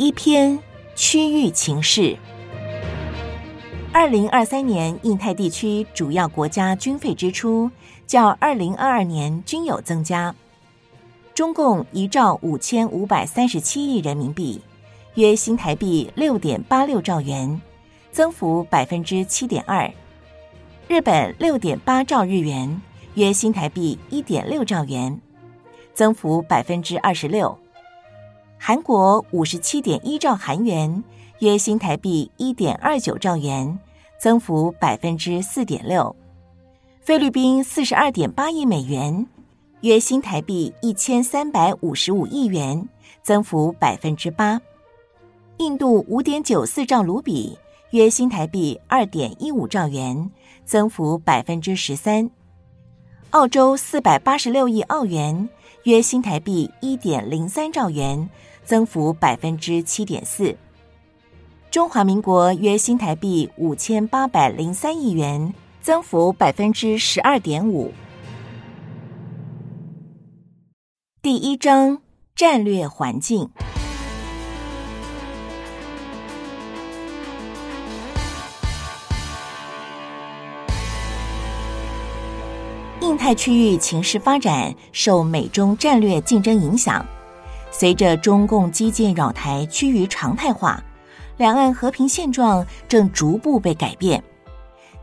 一篇區域情勢。二零二三年，印太地區主要國家軍費支出較二零二二年均有增加，中共一兆五千五百三十七億人民幣，約新台幣六點八六兆元，增幅百分之七點二；日本六點八兆日元，約新台幣一點六兆元，增幅百分之二十六。韓國五十七點一兆韓元，約新台幣一點二九兆元，增幅百分之四點六。菲律賓四十二點八億美元，約新台幣一千三百五十五億元，增幅百分之八。印度五點九四兆盧比，約新台幣二點一五兆元，增幅百分之十三。澳洲四百八十六億澳元。約新臺幣一點零三兆元，增幅百分之七點四；中華民國約新臺幣五千八百零三億元，增幅百分之十二點五。第一章，戰略環境。印太區域情勢發展受美中戰略競爭影響，隨着中共機艦擾台趨於常態化，兩岸和平現狀正逐步被改變，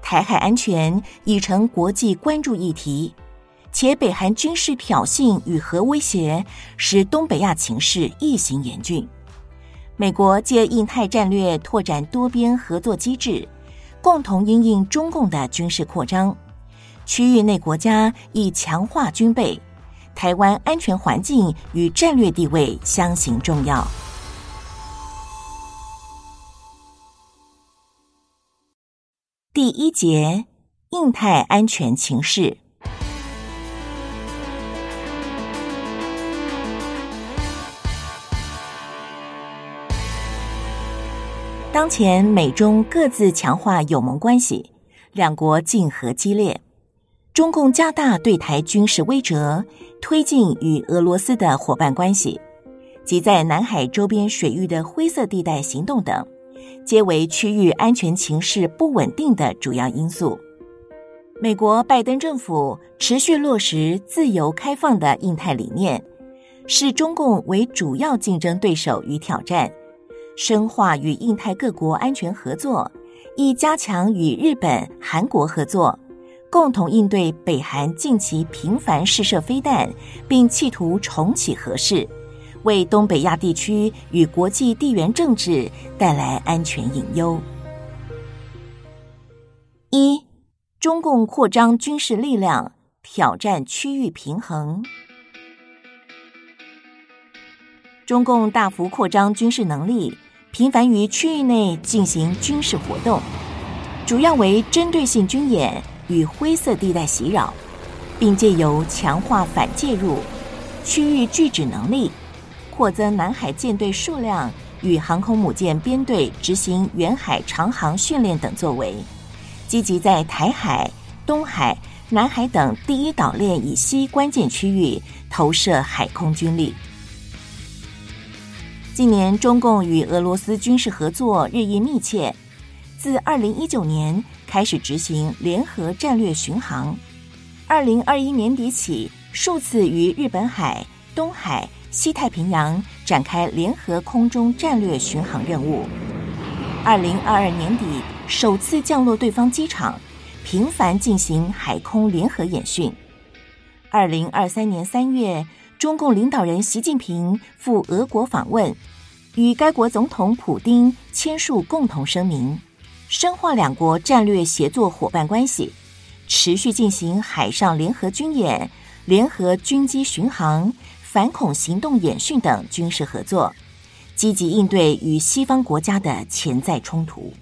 臺海安全已成國際關注議題，且北韓軍事挑釁與核威脅使東北亞情勢益形嚴峻。美國借印太戰略拓展多邊合作機制，共同因應中共的軍事擴張。區域內國家亦強化軍備，臺灣安全環境與戰略地位相形重要。第一節：印太安全情勢。當前美中各自強化友盟關係，兩國競合激烈。中共加大對台軍事威懾，推進與俄羅斯的夥伴關係，及在南海周邊水域的灰色地帶行動等，皆為區域安全情勢不穩定的主要因素。美國拜登政府持續落實自由開放的印太理念，視中共為主要競爭對手與挑戰，深化與印太各國安全合作，亦加強與日本、韓國合作。共同應對北韓近期頻繁試射飛彈，並企圖重啟核試，為東北亞地區與國際地緣政治帶來安全隱憂。一、中共擴張軍事力量，挑戰區域平衡。中共大幅擴張軍事能力，頻繁於區域內進行軍事活動，主要為針對性軍演。與灰色地帶襲擾，並借由強化反介入、區域拒止能力，擴增南海艦隊數量與航空母艦編隊執行遠海長航訓練等作為，積極在台海、東海、南海等第一島鏈以西關鍵區域投射海空軍力。近年，中共與俄羅斯軍事合作日益密切，自二零一九年開始執行聯合戰略巡航，二零二一年底起數次於日本海、東海、西太平洋展開聯合空中戰略巡航任務。二零二二年底首次降落對方機場，頻繁進行海空聯合演訓。二零二三年三月，中共領導人習近平赴俄國訪問，與該國總統普丁簽署共同聲明。深化兩國戰略協作夥伴關係，持續進行海上聯合軍演、聯合軍機巡航、反恐行動演訓等軍事合作，積極應對與西方國家的潛在衝突。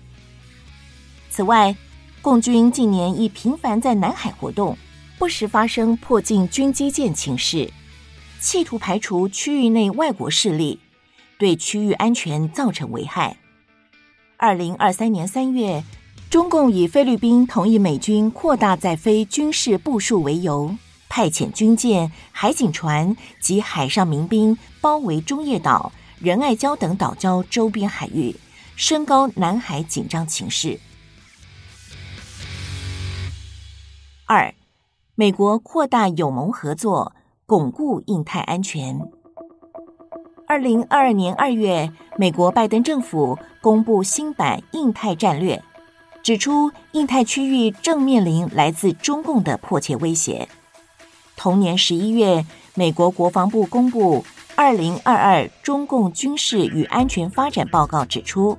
此外，共軍近年亦頻繁在南海活動，不時發生迫近軍機艦情勢，企圖排除區域內外國勢力，對區域安全造成危害。二零二三年三月，中共以菲律賓同意美軍擴大在菲軍事部署為由，派遣軍艦、海警船及海上民兵包圍中業島、仁愛礁等島礁周邊海域，升高南海緊張情勢。二，美國擴大友盟合作，鞏固印太安全。二零二二年二月，美國拜登政府公布新版印太戰略，指出印太區域正面臨來自中共的迫切威脅。同年十一月，美國國防部公布《二零二二中共軍事與安全發展報告》，指出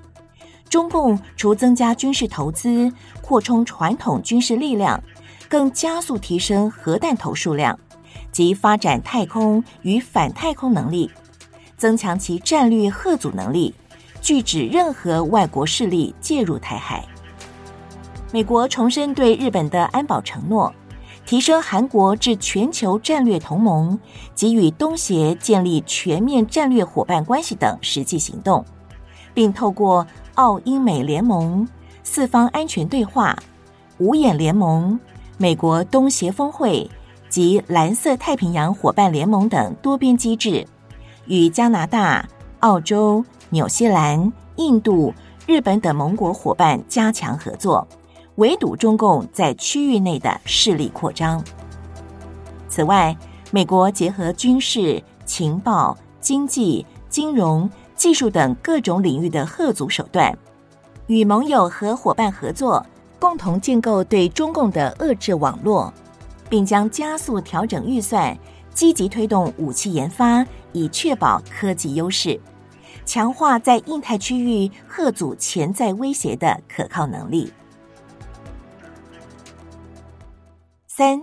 中共除增加軍事投資、擴充傳統軍事力量，更加速提升核彈頭數量及發展太空與反太空能力。增強其戰略嚇阻能力，拒止任何外國勢力介入台海。美國重申對日本的安保承諾，提升韓國至全球戰略同盟，及與東協建立全面戰略夥伴關係等實際行動，並透過澳英美聯盟、四方安全對話、五眼聯盟、美國東協峰會及藍色太平洋夥伴聯盟等多邊機制。與加拿大、澳洲、紐西蘭、印度、日本等盟國夥伴加強合作，圍堵中共在區域內的勢力擴張。此外，美國結合軍事、情報、經濟、金融、技術等各種領域的嚇阻手段，與盟友和夥伴合作，共同建構對中共的遏制網絡，並將加速調整預算，積極推動武器研發。以確保科技優勢，強化在印太區域嚇阻潛在威脅的可靠能力。三，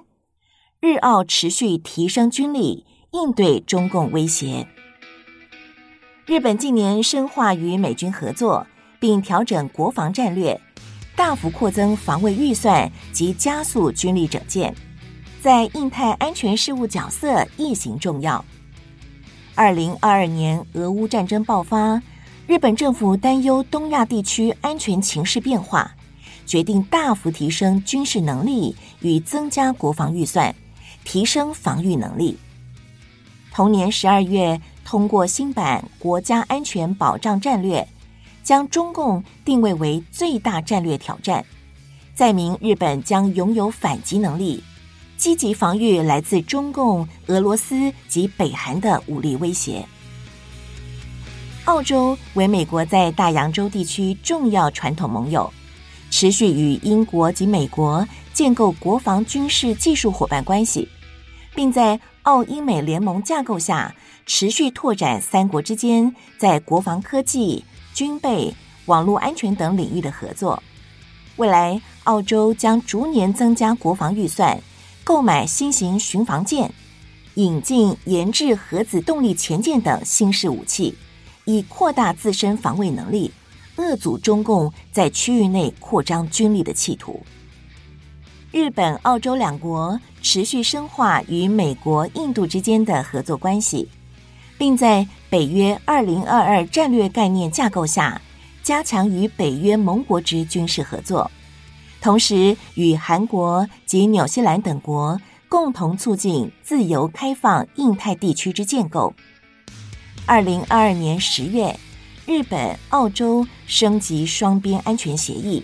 日澳持續提升軍力應對中共威脅。日本近年深化與美軍合作，並調整國防戰略，大幅擴增防衛預算及加速軍力整建，在印太安全事務角色益形重要。二零二二年，俄烏戰爭爆發，日本政府擔憂東亞地區安全情勢變化，決定大幅提升軍事能力與增加國防預算，提升防禦能力。同年十二月，通過新版國家安全保障戰略，將中共定位為最大戰略挑戰，載明日本將擁有反擊能力。積極防禦來自中共、俄羅斯及北韓的武力威脅。澳洲為美國在大洋洲地區重要傳統盟友，持續與英國及美國建構國防軍事技術夥伴關係，並在澳英美聯盟架構下持續拓展三國之間在國防科技、軍備、網絡安全等領域的合作。未來，澳洲將逐年增加國防預算。購買新型巡防艦，引進、研制核子動力潛艦等新式武器，以擴大自身防衛能力，遏阻中共在區域內擴張軍力的企圖。日本、澳洲兩國持續深化與美國、印度之間的合作關係，並在北約2022戰略概念架構下，加強與北約盟國之軍事合作。同時，與韓國及紐西蘭等國共同促進自由開放印太地區之建構。二零二二年十月，日本、澳洲升級雙邊安全協議，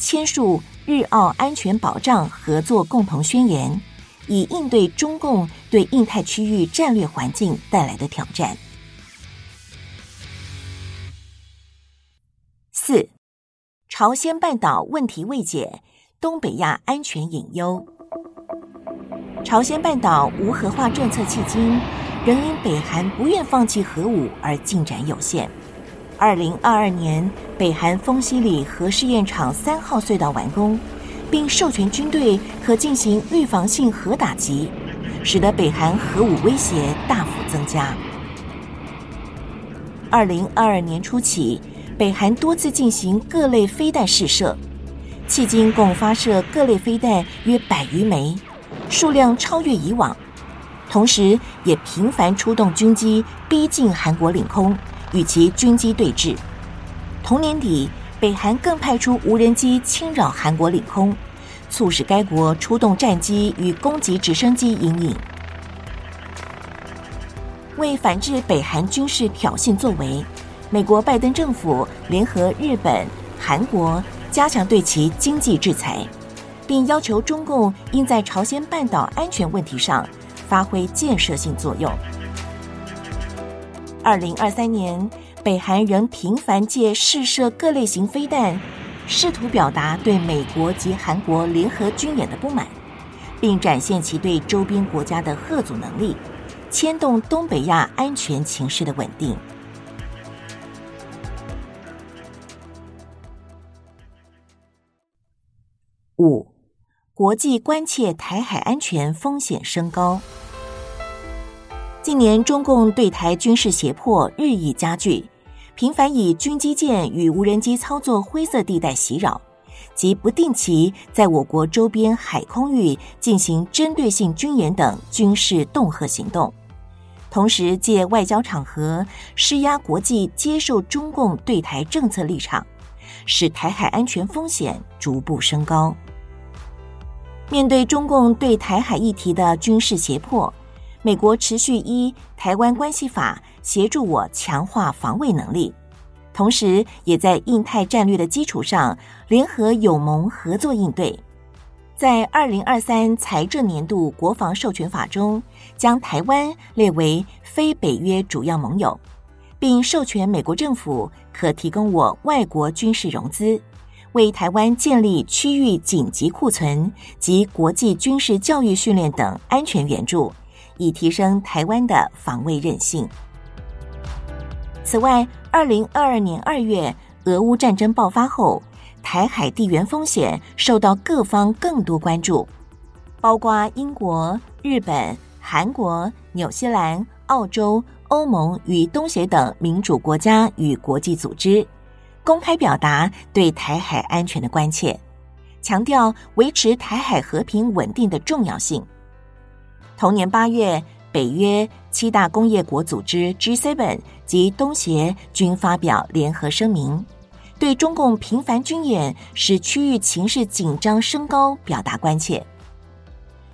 簽署日澳安全保障合作共同宣言，以應對中共對印太區域戰略環境帶來的挑戰。四。朝鮮半島問題未解，東北亞安全隱憂。朝鮮半島無核化政策迄今仍因北韓不願放棄核武而進展有限。二零二二年，北韓豐溪里核試驗場三號隧道完工，並授權軍隊可進行預防性核打擊，使得北韓核武威脅大幅增加。二零二二年初起。北韓多次進行各類飛彈試射，迄今共發射各類飛彈約百餘枚，數量超越以往。同時，也頻繁出動軍機逼近韓國領空，與其軍機對峙。同年底，北韓更派出無人機侵擾韓國領空，促使該國出動戰機與攻擊直升機迎擊，為反制北韓軍事挑釁作為。美國拜登政府聯合日本、韓國，加強對其經濟制裁，並要求中共應在朝鮮半島安全問題上發揮建設性作用。二零二三年，北韓仍頻繁借試射各類型飛彈，試圖表達對美國及韓國聯合軍演的不滿，並展現其對周邊國家的嚇阻能力，牽動東北亞安全情勢的穩定。五、國際關切臺海安全風險升高。近年，中共對臺軍事脅迫日益加劇，頻繁以軍機艦與無人機操作灰色地帶襲擾，及不定期在我國周邊海空域進行針對性軍演等軍事恫嚇行動，同時借外交場合施壓國際接受中共對臺政策立場，使臺海安全風險逐步升高。面對中共對臺海議題的軍事脅迫，美國持續依《臺灣關係法》協助我強化防衛能力，同時也在印太戰略的基礎上聯合友盟合作應對。在二零二三財政年度國防授權法中，將臺灣列為非北約主要盟友，並授權美國政府。可提供我外國軍事融資、為臺灣建立區域緊急庫存及國際軍事教育訓練等安全援助，以提升臺灣的防衛韌性。此外，二零二二年二月，俄烏戰爭爆發後，台海地緣風險受到各方更多關注，包括英國、日本、韓國、紐西蘭、澳洲。歐盟與東協等民主國家與國際組織公開表達對台海安全的關切，強調維持台海和平穩定的重要性。同年八月，北約七大工業國組織 G7 及東協均發表聯合聲明，對中共頻繁軍演使區域情勢緊張升高表達關切。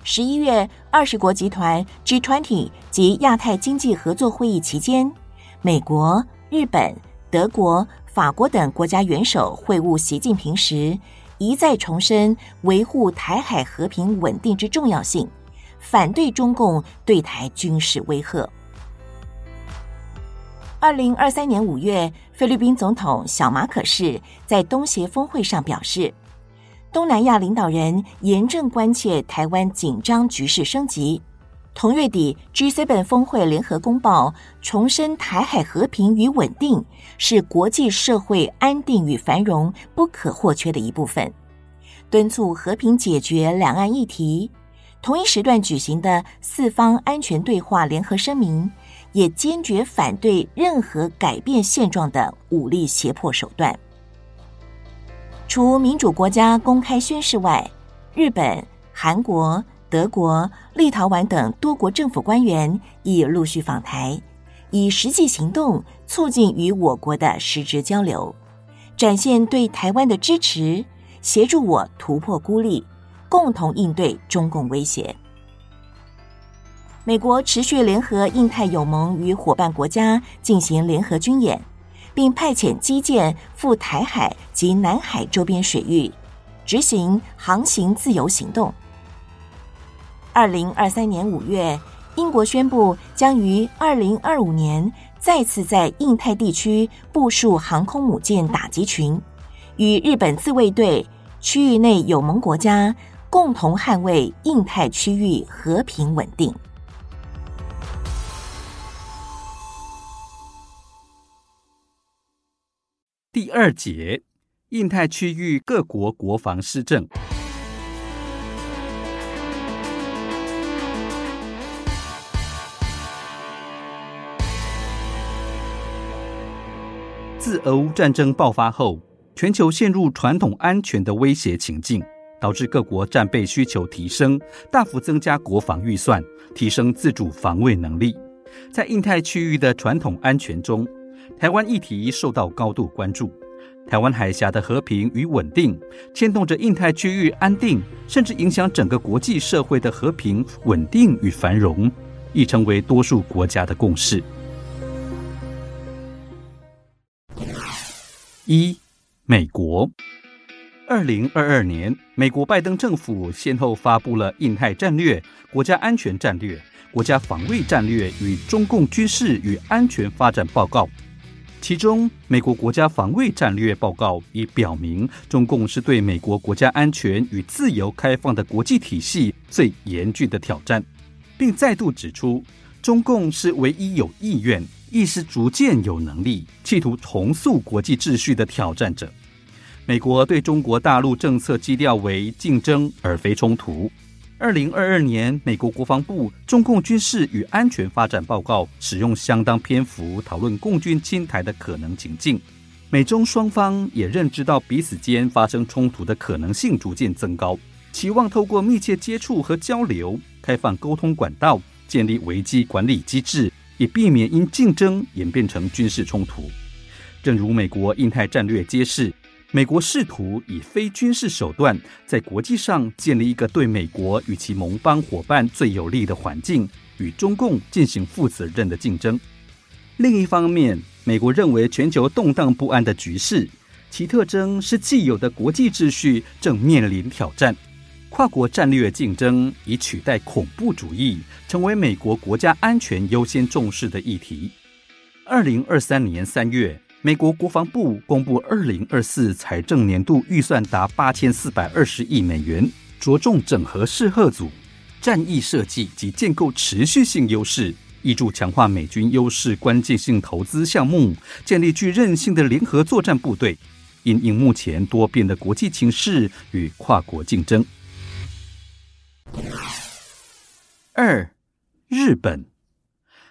十一月二十國集團 （G20） 及亞太經濟合作會議期間，美國、日本、德國、法國等國家元首會晤習近平時，一再重申維護台海和平穩定之重要性，反對中共對台軍事威嚇。二零二三年五月，菲律賓總統小馬可仕在東協峰會上表示。東南亞領導人嚴正關切臺灣緊張局勢升級。同月底，G7 峰會聯合公報重申，臺海和平與穩定是國際社會安定與繁榮不可或缺的一部分，敦促和平解決兩岸議題。同一時段舉行的四方安全對話聯合聲明，也堅決反對任何改變現狀的武力脅迫手段。除民主國家公開宣示外，日本、韓國、德國、立陶宛等多國政府官員已陸續訪台，以實際行動促進與我國的實質交流，展現對台灣的支持，協助我突破孤立，共同應對中共威脅。美國持續聯合印太友盟與夥伴國家進行聯合軍演。並派遣機艦赴台海及南海周邊水域，執行航行自由行動。二零二三年五月，英國宣布將於二零二五年再次在印太地區部署航空母艦打擊群，與日本自衛隊、區域內友盟國家共同捍衛印太區域和平穩定。第二節，印太區域各國國防施政。自俄烏戰爭爆發後，全球陷入傳統安全的威脅情境，導致各國戰備需求提升，大幅增加國防預算，提升自主防衛能力。在印太區域的傳統安全中，台灣議題受到高度關注，台灣海峽的和平與穩定牽動着印太區域安定，甚至影響整個國際社會的和平、穩定與繁榮，已成為多數國家的共識。一、美國，二零二二年，美國拜登政府先後發布了《印太戰略》《國家安全戰略》《國家防衛戰略》與《中共軍事與安全發展報告》。其中，美國國家防衛戰略報告已表明，中共是對美國國家安全與自由開放的國際體系最嚴峻的挑戰，並再度指出，中共是唯一有意願、亦是逐漸有能力企圖重塑國際秩序的挑戰者。美國對中國大陸政策基調為競爭而非衝突。二零二二年，美國國防部《中共軍事與安全發展報告》使用相當篇幅討論共軍侵台的可能情境。美中雙方也認知到彼此間發生衝突的可能性逐漸增高，期望透過密切接觸和交流、開放溝通管道、建立危機管理機制，以避免因競爭演變成軍事衝突。正如美國印太戰略揭示。美國試圖以非軍事手段在國際上建立一個對美國與其盟邦夥伴最有利的環境，與中共進行負責任的競爭。另一方面，美國認為全球動盪不安的局勢，其特徵是既有的國際秩序正面臨挑戰，跨國戰略競爭已取代恐怖主義成為美國國家安全優先重視的議題。二零二三年三月。美國國防部公布二零二四財政年度預算達八千四百二十億美元，着重整合嚇阻、戰役設計及建構持續性優勢，挹注強化美軍優勢關鍵性投資項目，建立具韌性的聯合作戰部隊，因應目前多變的國際情勢與跨國競爭。二、日本，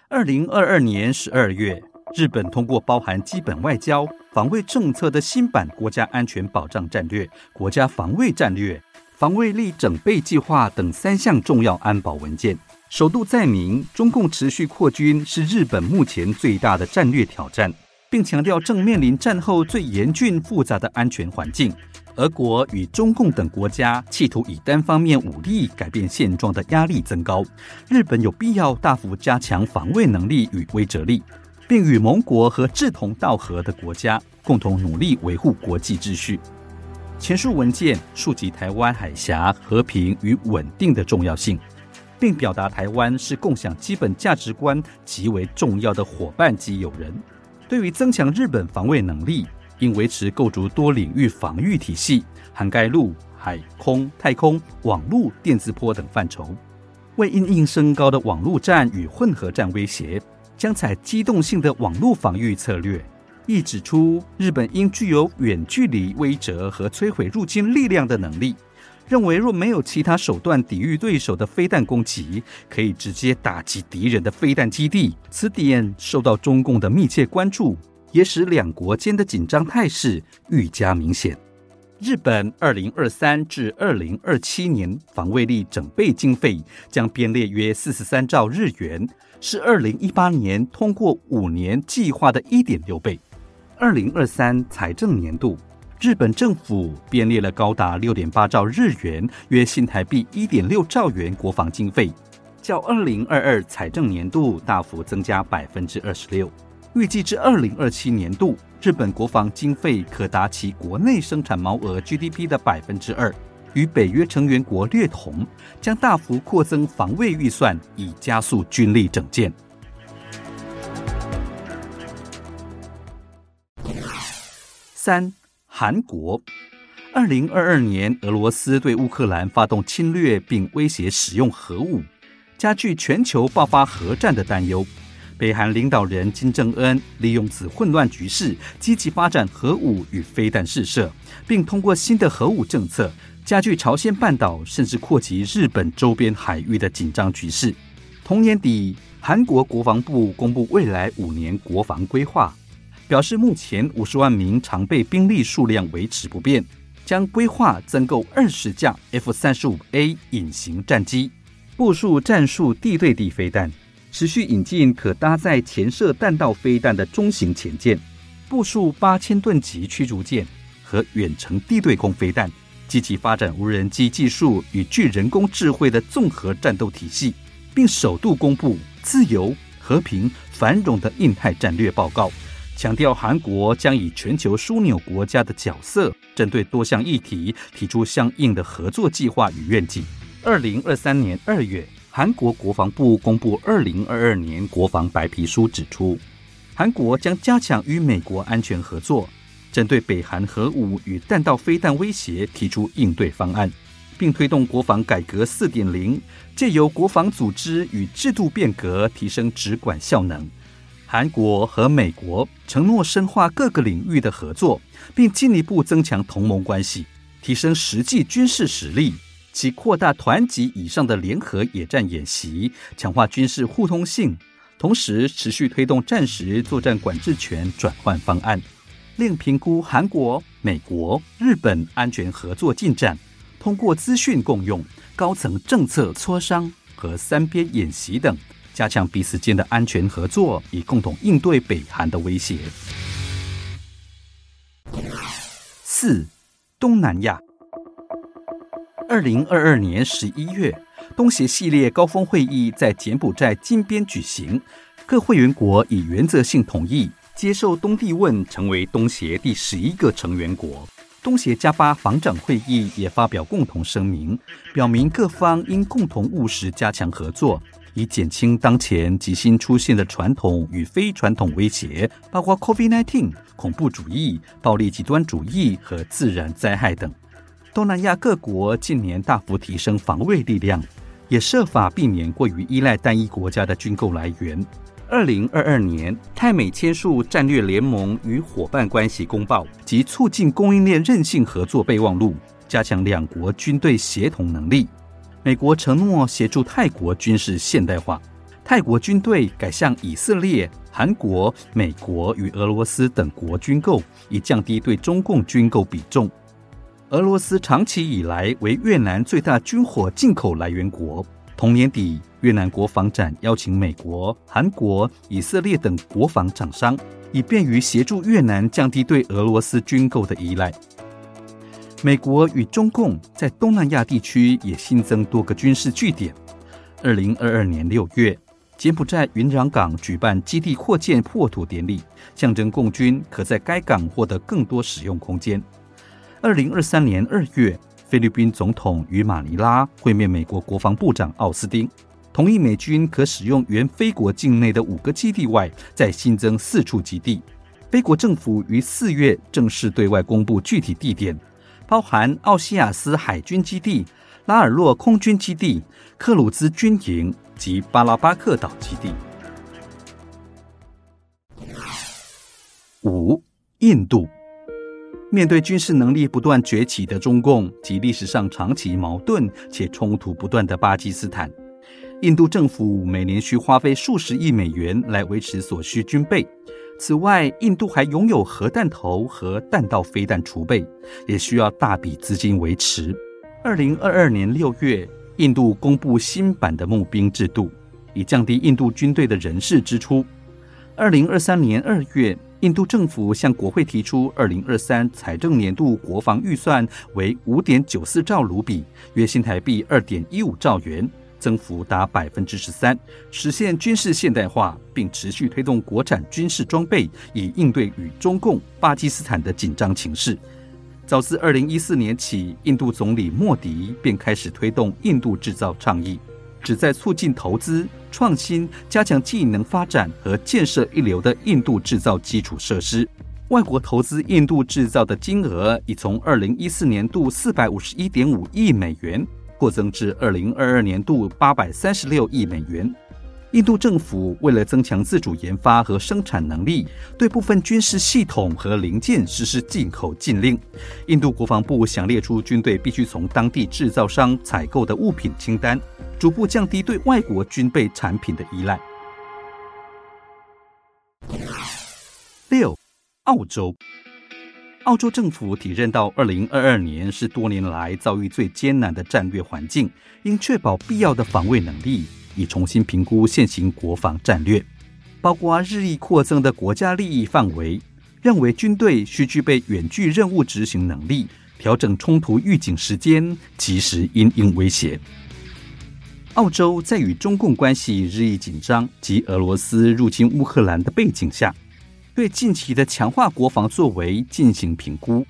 二零二二年十二月。日本通過包含基本外交、防衛政策的新版國家安全保障戰略、國家防衛戰略、防衛力整備計劃等三項重要安保文件，首度載明中共持續擴軍是日本目前最大的戰略挑戰，並強調正面臨戰後最嚴峻複雜的安全環境。俄國與中共等國家企圖以單方面武力改變現狀的壓力增高，日本有必要大幅加強防衛能力與威懾力。並與盟國和志同道合的國家共同努力維護國際秩序。前述文件觸及臺灣海峽和平與穩定的重要性，並表達臺灣是共享基本價值觀極為重要的夥伴及友人。對於增強日本防衛能力，應維持構築多領域防禦體系，涵蓋陸、海、空、太空、網絡、電磁波等範疇，為因應升高的網絡戰與混合戰威脅。將採機動性的網絡防禦策略。亦指出，日本應具有遠距離威懾和摧毀入侵力量的能力。認為若沒有其他手段抵禦對手的飛彈攻擊，可以直接打擊敵人的飛彈基地。此點受到中共的密切關注，也使兩國間的緊張態勢愈加明顯。日本二零二三至二零二七年防衛力整備經費將編列約四十三兆日元。是二零一八年通過五年計劃的一點六倍。二零二三財政年度，日本政府編列了高達六點八兆日元（約新台幣一點六兆元）國防經費，較二零二二財政年度大幅增加百分之二十六。預計至二零二七年度，日本國防經費可達其國內生產毛額 （GDP） 的百分之二。與北約成員國略同，將大幅擴增防衛預算，以加速軍力整建。三、韓國，二零二二年，俄羅斯對烏克蘭發動侵略，並威脅使用核武，加劇全球爆發核戰的擔憂。北韓領導人金正恩利用此混亂局勢，積極發展核武與飛彈試射，並通過新的核武政策。加劇朝鮮半島甚至擴及日本周邊海域的緊張局勢。同年底，韓國國防部公布未來五年國防規劃，表示目前五十萬名常備兵力數量維持不變，將規劃增購二十架 F 三十五 A 隱形戰機，部署戰術地對地飛彈，持續引進可搭載潛射彈道飛彈的中型潛艦，部署八千噸級驅逐艦和遠程地對空飛彈。積極發展無人機技術與具人工智慧的綜合戰鬥體系，並首度公布“自由、和平、繁榮”的印太戰略報告，強調韓國將以全球樞紐國家的角色，針對多項議題提出相應的合作計劃與願景。二零二三年二月，韓國國防部公布《二零二二年國防白皮書》，指出韓國將加強與美國安全合作。針對北韓核武與彈道飛彈威脅，提出應對方案，並推動國防改革四點零，借由國防組織與制度變革提升指管效能。韓國和美國承諾深化各個領域的合作，並進一步增強同盟關係，提升實際軍事實力，其擴大團級以上的聯合野戰演習，強化軍事互通性，同時持續推動戰時作戰管制權轉換方案。另評估韓國、美國、日本安全合作進展，通過資訊共用、高層政策磋商和三邊演習等，加強彼此間的安全合作，以共同應對北韓的威脅。四、東南亞。二零二二年十一月，東協系列高峰會議在柬埔寨金邊舉行，各會員國以原則性同意。接受東帝汶成為東協第十一個成員國，東協加八防長會議也發表共同聲明，表明各方應共同務實加強合作，以減輕當前及新出現的傳統與非傳統威脅，包括 COVID-19、恐怖主義、暴力極端主義和自然災害等。東南亞各國近年大幅提升防衛力量，也設法避免過於依賴單一國家的軍購來源。二零二二年，泰美簽署戰略聯盟與夥伴關係公報及促進供應鏈韌性合作備忘錄，加強兩國軍隊協同能力。美國承諾協助泰國軍事現代化，泰國軍隊改向以色列、韓國、美國與俄羅斯等國軍購，以降低對中共軍購比重。俄羅斯長期以來為越南最大軍火進口來源國。同年底，越南國防展邀請美國、韓國、以色列等國防廠商，以便於協助越南降低對俄羅斯軍購的依賴。美國與中共在東南亞地區也新增多個軍事據點。二零二二年六月，柬埔寨雲壤港舉辦基地擴建破土典禮，象徵共軍可在該港獲得更多使用空間。二零二三年二月，菲律賓總統於馬尼拉會面，美國國防部長奧斯汀同意美軍可使用原菲國境內的五個基地外，再新增四處基地。菲國政府於四月正式對外公布具體地點，包含奧西亞斯海軍基地、拉爾洛空軍基地、克魯茲軍營及巴拉巴克島基地。五，印度。面對軍事能力不斷崛起的中共及歷史上長期矛盾且衝突不斷的巴基斯坦，印度政府每年需花費數十億美元來維持所需軍備。此外，印度還擁有核彈頭和彈道飛彈儲備，也需要大筆資金維持。二零二二年六月，印度公布新版的募兵制度，以降低印度軍隊的人事支出。二零二三年二月。印度政府向國會提出，二零二三財政年度國防預算為五點九四兆盧比，約新台幣二點一五兆元，增幅達百分之十三，實現軍事現代化，並持續推動國產軍事裝備，以應對與中共、巴基斯坦的緊張情勢。早自二零一四年起，印度總理莫迪便開始推動印度制造倡議。旨在促進投資創新、加強技能發展和建設一流的印度制造基礎設施。外國投資印度制造的金額已從二零一四年度四百五十一點五億美元擴增至二零二二年度八百三十六億美元。印度政府為了增強自主研發和生產能力，對部分軍事系統和零件實施進口禁令。印度國防部想列出軍隊必須從當地制造商採購的物品清單，逐步降低對外國軍備產品的依賴。六，澳洲。澳洲政府體認到，二零二二年是多年來遭遇最艱難的戰略環境，應確保必要的防衛能力，以重新評估現行國防戰略，包括日益擴增的國家利益範圍，認為軍隊需具備遠距任務執行能力，調整衝突預警時間，及時因應威脅。澳洲在與中共關係日益緊張及俄羅斯入侵烏克蘭的背景下，對近期的強化國防作為進行評估，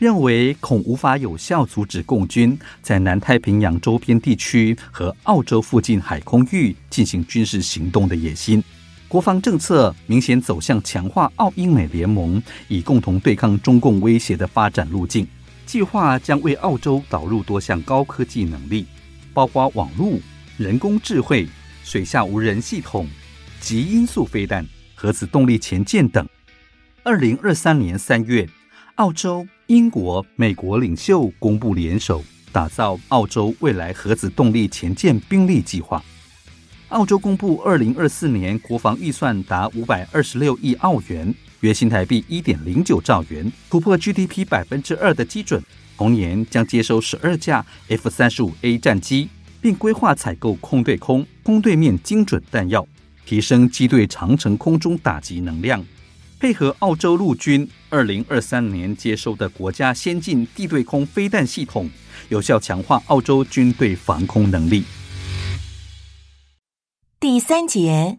認為恐無法有效阻止共軍在南太平洋周邊地區和澳洲附近海空域進行軍事行動的野心。國防政策明顯走向強化澳英美聯盟，以共同對抗中共威脅的發展路徑。計劃將為澳洲導入多項高科技能力，包括網絡。人工智慧、水下無人系統、極音速飛彈、核子動力潛艦等。二零二三年三月，澳洲、英國、美國領袖公布聯手打造澳洲未來核子動力潛艦兵力計劃。澳洲公布二零二四年國防預算達五百二十六億澳元，約新台幣一點零九兆元，突破 GDP 百分之二的基準。同年將接收十二架 F 三十五 A 戰機。並規劃採購空對空、空對面精準彈藥，提升機隊長程空中打擊能量，配合澳洲陸軍二零二三年接收的國家先進地對空飛彈系統，有效強化澳洲軍隊防空能力。第三節，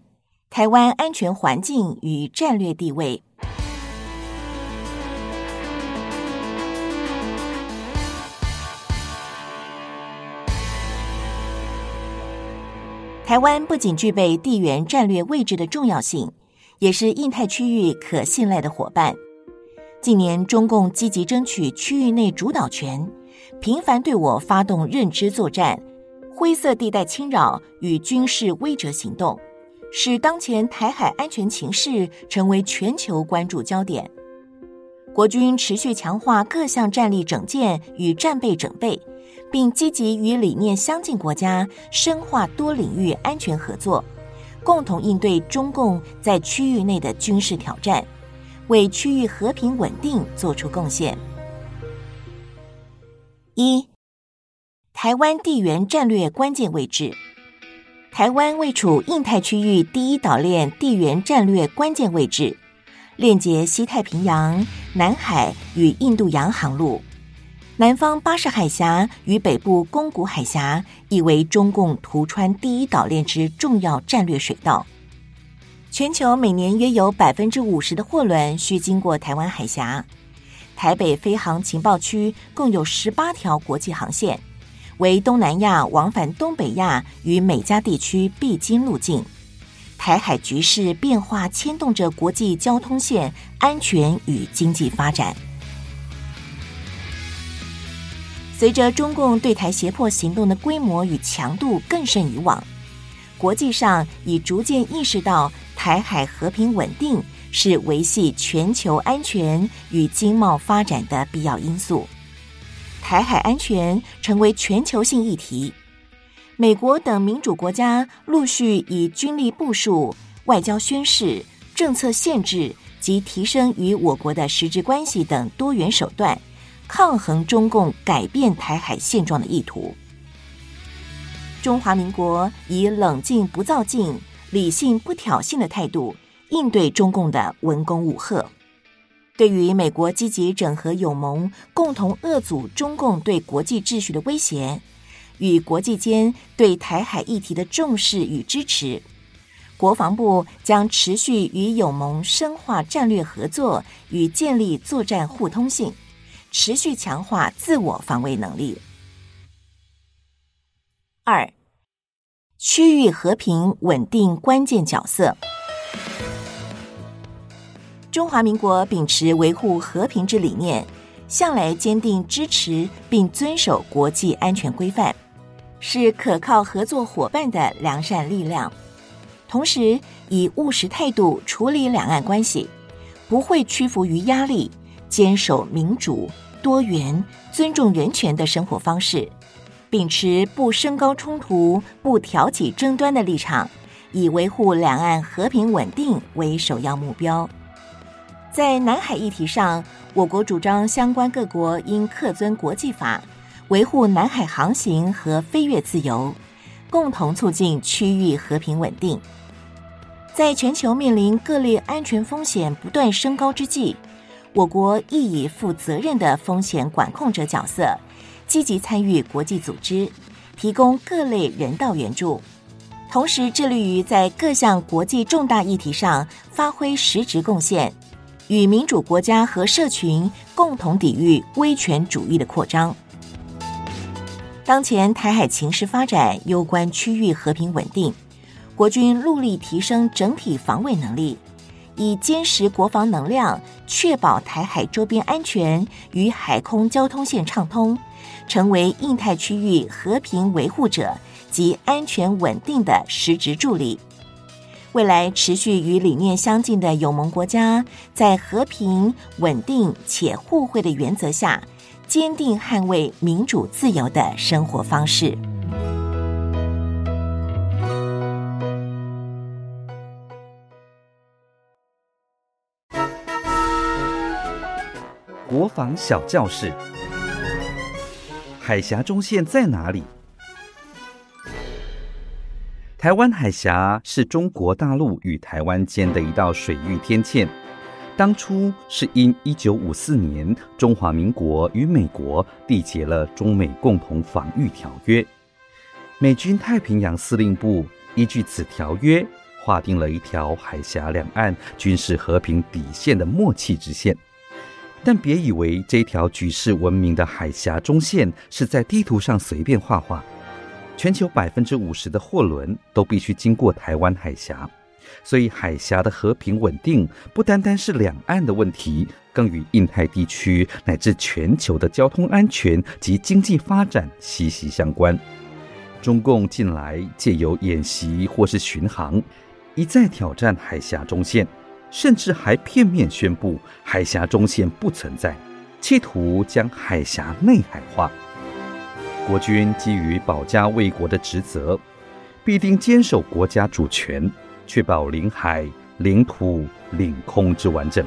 臺灣安全環境與戰略地位。台灣不僅具備地緣戰略位置的重要性，也是印太區域可信賴的夥伴。近年，中共積極爭取區域內主導權，頻繁對我發動認知作戰、灰色地帶侵擾與軍事威懾行動，使當前台海安全形勢成為全球關注焦點。國軍持續強化各項戰力整建與戰備整備。並積極與理念相近國家深化多領域安全合作，共同應對中共在區域內的軍事挑戰，為區域和平穩定作出貢獻。一，台灣地緣戰略關鍵位置。台灣位處印太區域第一島鏈地緣戰略關鍵位置，鏈接西太平洋、南海與印度洋航路。南方巴士海峽與北部宮古海峽亦為中共突穿第一島鏈之重要戰略水道。全球每年約有百分之五十的貨輪需經過臺灣海峽。台北飛航情報區共有十八條國際航線，為東南亞往返東北亞與美加地區必經路徑。臺海局勢變化牽動着國際交通線安全與經濟發展。隨着中共對台脅迫行動的規模與強度更甚以往，國際上已逐漸意識到台海和平穩定是維繫全球安全與經貿發展的必要因素，台海安全成為全球性議題。美國等民主國家陸續以軍力部署、外交宣示、政策限制及提升與我國的實質關係等多元手段。抗衡中共改變台海現狀的意圖，中華民國以冷靜不躁進、理性不挑釁的態度應對中共的文攻武嚇。對於美國積極整合友盟，共同遏阻中共對國際秩序的威脅，與國際間對台海議題的重視與支持，國防部將持續與友盟深化戰略合作與建立作戰互通性。持續強化自我防衛能力。二，區域和平穩定關鍵角色。中華民國秉持維護和平之理念，向來堅定支持並遵守國際安全規範，是可靠合作夥伴的良善力量。同時，以務實態度處理兩岸關係，不會屈服於壓力。堅守民主、多元、尊重人權的生活方式，秉持不升高衝突、不挑起爭端的立場，以維護兩岸和平穩定為首要目標。在南海議題上，我國主張相關各國應恪遵國際法，維護南海航行和飛越自由，共同促進區域和平穩定。在全球面臨各類安全風險不斷升高之際，我國亦以負責任的風險管控者角色，積極參與國際組織，提供各類人道援助，同時致力於在各項國際重大議題上發揮實質貢獻，與民主國家和社群共同抵禦威權主義的擴張。當前台海情勢發展攸關區域和平穩定，國軍戮力提升整體防衛能力。以堅實國防能量，確保台海周邊安全與海空交通線暢通，成為印太區域和平維護者及安全穩定的實質助力。未來持續與理念相近的友盟國家，在和平、穩定且互惠的原則下，堅定捍衛民主自由的生活方式。國防小教室，海峽中線在哪裡？台灣海峽是中國大陸與台灣間的一道水域天塹。當初是因一九五四年中華民國與美國締結了《中美共同防禦條約》，美軍太平洋司令部依據此條約劃定了一條海峽兩岸軍事和平底線的默契之線。但別以為這條舉世聞名的海峽中線是在地圖上隨便畫畫。全球百分之五十的貨輪都必須經過台灣海峽，所以海峽的和平穩定不單單是兩岸的問題，更與印太地區乃至全球的交通安全及經濟發展息息相關。中共近來借由演習或是巡航，一再挑戰海峽中線。甚至還片面宣布海峽中線不存在，企圖將海峽內海化。國軍基於保家衛國的職責，必定堅守國家主權，確保領海、領土、領空之完整。